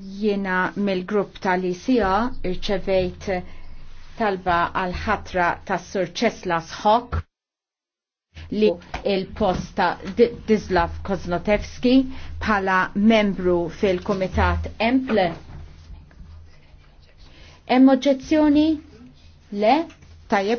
Jiena mill-grupp tal-ICA irċevejt talba għal ħatra tas Sur Ceslas Hock li il-posta Dislav Koznotevski bħala membru fil-Komitat Emple. Hemm oġġezzjoni? Le? Tajjeb